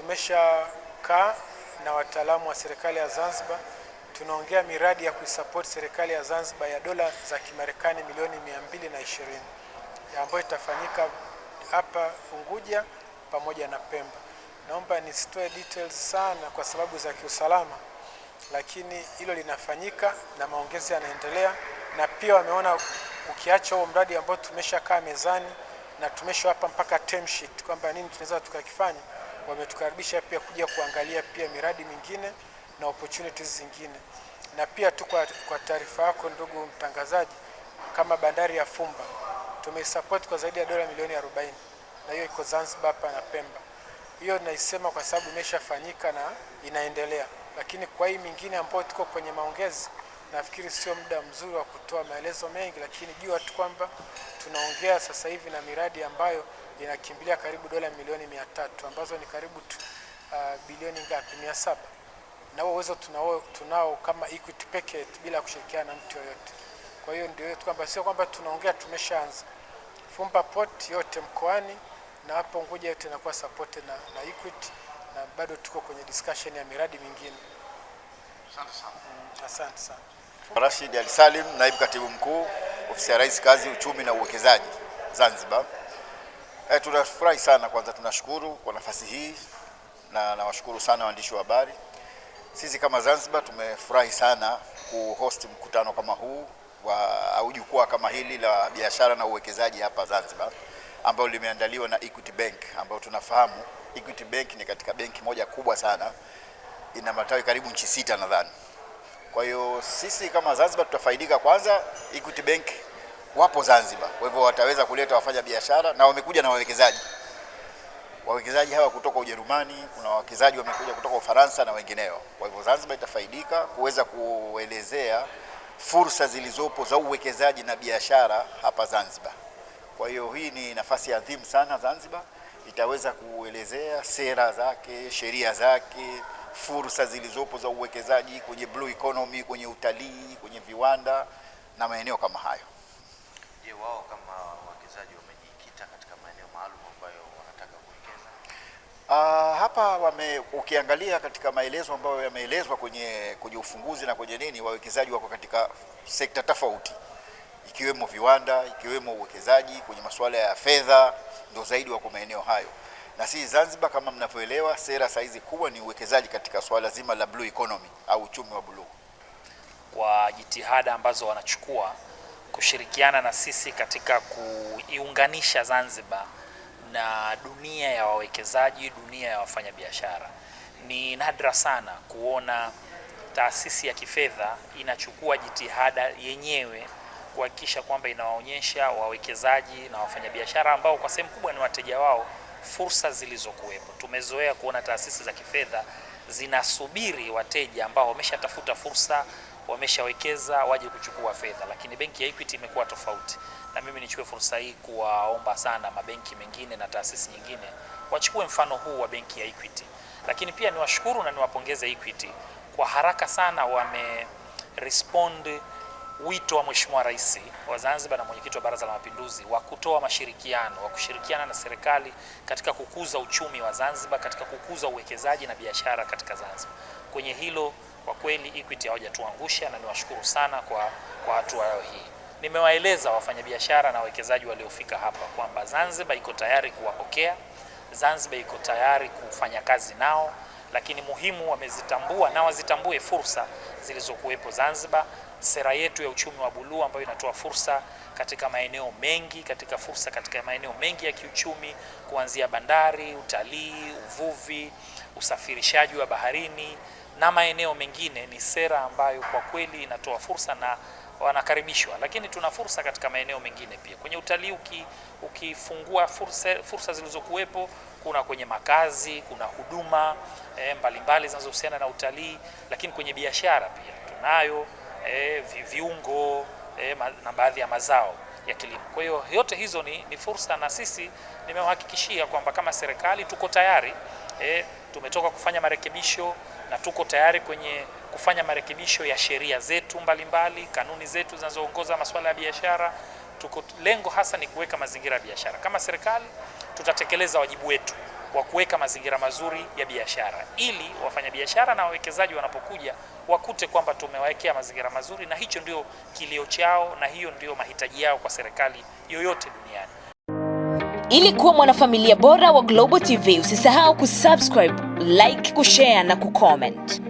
Tumeshakaa na wataalamu wa serikali ya Zanzibar, tunaongea miradi ya kuisupport serikali ya Zanzibar ya dola za Kimarekani milioni 220 ambayo itafanyika hapa Unguja pamoja na Pemba. Naomba nisitoe details sana kwa sababu za kiusalama, lakini hilo linafanyika na maongezi yanaendelea, na pia wameona ukiacha huo mradi ambao tumeshakaa mezani na tumeshawapa mpaka term sheet kwamba nini tunaweza tukakifanya wametukaribisha pia kuja kuangalia pia miradi mingine na opportunities zingine. Na pia tu kwa, kwa taarifa yako ndugu mtangazaji, kama bandari ya Fumba tumeisupport kwa zaidi ya dola milioni 40 na hiyo iko Zanzibar hapa na Pemba. Hiyo naisema kwa sababu imeshafanyika na inaendelea, lakini kwa hii mingine ambayo tuko kwenye maongezi Nafikiri sio muda mzuri wa kutoa maelezo mengi, lakini jua tu kwamba tunaongea sasa hivi na miradi ambayo inakimbilia karibu dola milioni mia tatu ambazo ni karibu tu, uh, bilioni ngapi? mia saba na huo uwezo tunao, tunao kama Equity pekee bila kushirikiana na mtu yoyote. Kwa hiyo ndio tu kwamba sio kwamba tunaongea tumeshaanza. Fumba port yote mkoani na hapo Unguja yote inakuwa supported na, na Equity na bado tuko kwenye discussion ya miradi mingine. Asante sana. Mm, asante sana. Rashid Ali Salim, naibu katibu mkuu ofisi ya Rais kazi, uchumi na uwekezaji Zanzibar. E, tunafurahi sana kwanza, tunashukuru kwa nafasi hii na nawashukuru sana waandishi wa habari. Sisi kama Zanzibar tumefurahi sana kuhost mkutano kama huu wa au jukwaa kama hili la biashara na uwekezaji hapa Zanzibar ambayo limeandaliwa na Equity Bank ambayo tunafahamu Equity Bank ni katika benki moja kubwa sana, ina matawi karibu nchi sita nadhani. Kwa hiyo sisi kama Zanzibar tutafaidika kwanza. Equity Bank wapo Zanzibar, kwa hivyo wataweza kuleta wafanya biashara na wamekuja na wawekezaji. Wawekezaji hawa kutoka Ujerumani, kuna wawekezaji wamekuja kutoka Ufaransa na wengineo. Kwa hivyo Zanzibar itafaidika kuweza kuelezea fursa zilizopo za uwekezaji na biashara hapa Zanzibar. Kwa hiyo hii ni nafasi adhimu sana. Zanzibar itaweza kuelezea sera zake, sheria zake fursa zilizopo za uwekezaji kwenye blue economy, kwenye utalii, kwenye viwanda na maeneo kama hayo. Je, wao kama wawekezaji wamejikita katika maeneo maalum ambayo wanataka kuwekeza? Uh, hapa wame, ukiangalia katika maelezo ambayo yameelezwa kwenye, kwenye ufunguzi na kwenye nini, wawekezaji wako katika sekta tofauti ikiwemo viwanda, ikiwemo uwekezaji kwenye masuala ya fedha, ndio zaidi wako maeneo hayo na si Zanzibar. Kama mnavyoelewa, sera saizi kubwa ni uwekezaji katika swala zima la blue economy au uchumi wa bluu kwa jitihada ambazo wanachukua kushirikiana na sisi katika kuiunganisha Zanzibar na dunia ya wawekezaji, dunia ya wafanyabiashara. Ni nadra sana kuona taasisi ya kifedha inachukua jitihada yenyewe kuhakikisha kwamba inawaonyesha wawekezaji na wafanyabiashara ambao kwa sehemu kubwa ni wateja wao fursa zilizokuwepo. Tumezoea kuona taasisi za kifedha zinasubiri wateja ambao wameshatafuta fursa, wameshawekeza waje kuchukua fedha, lakini benki ya Equity imekuwa tofauti. Na mimi nichukue fursa hii kuwaomba sana mabenki mengine na taasisi nyingine wachukue mfano huu wa benki ya Equity, lakini pia niwashukuru na niwapongeze Equity kwa haraka sana wame respond wito wa Mheshimiwa Rais wa Zanzibar na mwenyekiti wa Baraza la Mapinduzi wa kutoa mashirikiano wa kushirikiana na serikali katika kukuza uchumi wa Zanzibar, katika kukuza uwekezaji na biashara katika Zanzibar. Kwenye hilo kwa kweli Equity hawajatuangusha na niwashukuru sana kwa, kwa hatua yao hii. Nimewaeleza wafanyabiashara na wawekezaji waliofika hapa kwamba Zanzibar iko tayari kuwapokea, Zanzibar iko tayari kufanya kazi nao, lakini muhimu wamezitambua na wazitambue fursa zilizokuwepo Zanzibar, sera yetu ya uchumi wa buluu ambayo inatoa fursa katika maeneo mengi katika fursa katika maeneo mengi ya kiuchumi kuanzia bandari, utalii, uvuvi, usafirishaji wa baharini na maeneo mengine, ni sera ambayo kwa kweli inatoa fursa na wanakaribishwa, lakini tuna fursa katika maeneo mengine pia. Kwenye utalii ukifungua fursa, fursa zilizokuwepo kuna kwenye makazi, kuna huduma e, mbalimbali zinazohusiana na utalii, lakini kwenye biashara pia tunayo e, viungo e, na baadhi ya mazao ya kilimo. Kwa hiyo yote hizo ni, ni fursa na sisi nimewahakikishia kwamba kama serikali tuko tayari e, tumetoka kufanya marekebisho na tuko tayari kwenye kufanya marekebisho ya sheria zetu mbalimbali mbali, kanuni zetu zinazoongoza masuala ya biashara. Tuko lengo hasa ni kuweka mazingira ya biashara. Kama serikali tutatekeleza wajibu wetu wa kuweka mazingira mazuri ya biashara ili wafanyabiashara na wawekezaji wanapokuja wakute kwamba tumewawekea mazingira mazuri, na hicho ndio kilio chao na hiyo ndio mahitaji yao kwa serikali yoyote duniani. Ili kuwa mwanafamilia bora wa Global TV, usisahau kusubscribe, like, kushare na kucomment.